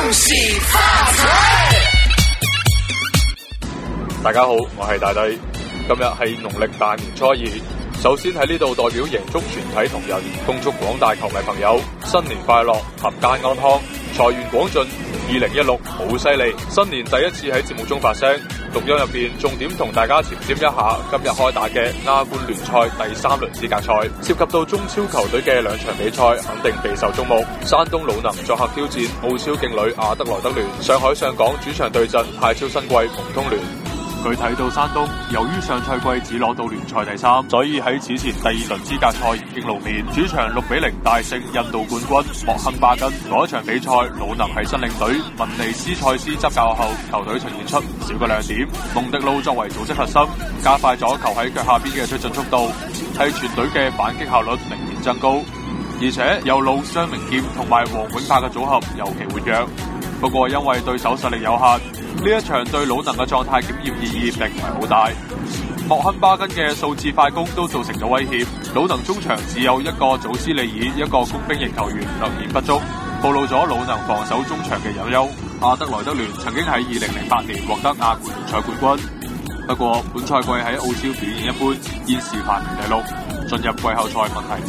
恭喜發財！大家好，我係大帝，今日係農曆大年初二。首先喺呢度代表盈足全體同仁，恭祝廣大球迷朋友新年快樂，合家安康。財源廣進，二零一六好犀利！新年第一次喺節目中發聲，錄音入邊重點同大家前瞻一下今日開打嘅亞冠聯賽第三輪資格賽，涉及到中超球隊嘅兩場比賽，肯定備受矚目。山東魯能作客挑戰澳超勁旅阿德萊德聯，上海上港主場對陣泰超新貴蒙通聯。佢睇到山東，由於上賽季只攞到聯賽第三，所以喺此前第二輪資格賽已經露面，主場六比零大勝印度冠軍莫亨巴根。嗰一場比賽，魯能喺新領隊文尼斯賽斯執教後，球隊呈現出唔少嘅亮點。蒙迪魯作為組織核心，加快咗球喺腳下邊嘅推進速度，係全隊嘅反擊效率明顯增高，而且有老將名劍同埋王永珀嘅組合尤其活躍。不過因為對手實力有限，呢一場對魯能嘅狀態檢驗意義並唔係好大。莫亨巴根嘅數次快攻都造成咗威脅，魯能中場只有一個祖斯利爾，一個工兵型球員突然不足，暴露咗魯能防守中場嘅隱憂。阿德萊德聯曾經喺二零零八年獲得亞冠賽冠軍，不過本賽季喺澳超表現一般，現時排名第六，進入季後賽問題唔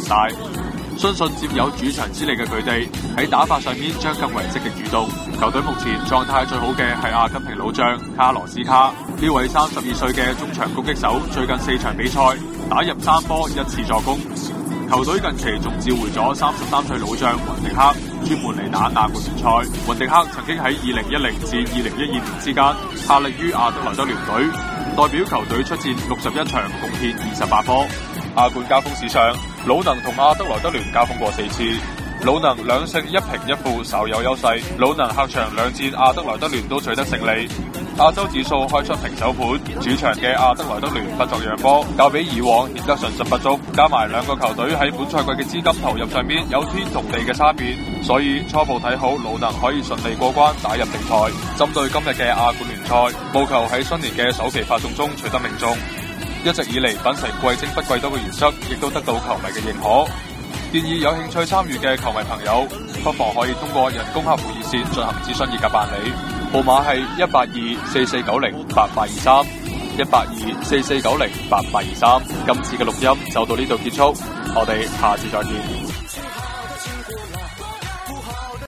大。相信佔有主場之利嘅佢哋喺打法上面將更為積極主動。球隊目前狀態最好嘅係阿根廷老將卡羅斯卡，呢位三十二歲嘅中場攻擊手最近四場比賽打入三波一次助攻。球隊近期仲召回咗三十三歲老將雲迪克，專門嚟打亞冠聯賽。雲迪克曾經喺二零一零至二零一二年之間效力於阿德萊德聯隊，代表球隊出戰六十一場，貢獻二十八波。亞冠交鋒史上，魯能同阿德萊德聯交鋒過四次，魯能兩勝一平一負稍有優勢。魯能客場兩戰阿德萊德聯都取得勝利。亞洲指數開出平手盤，主場嘅阿德萊德聯不作讓波，較比以往顯得信心不足。加埋兩個球隊喺本賽季嘅資金投入上邊有天同地嘅差別，所以初步睇好魯能可以順利過關打入平台。針對今日嘅亞冠聯賽，務求喺新年嘅首期發送中取得命中。一直以嚟，秉承貴精不貴多嘅原則，亦都得到球迷嘅認可。建議有興趣參與嘅球迷朋友，不妨可以通過人工客服熱線進行諮詢以及辦理。號碼係一八二四四九零八八二三一八二四四九零八八二三。今次嘅錄音就到呢度結束，我哋下次再見。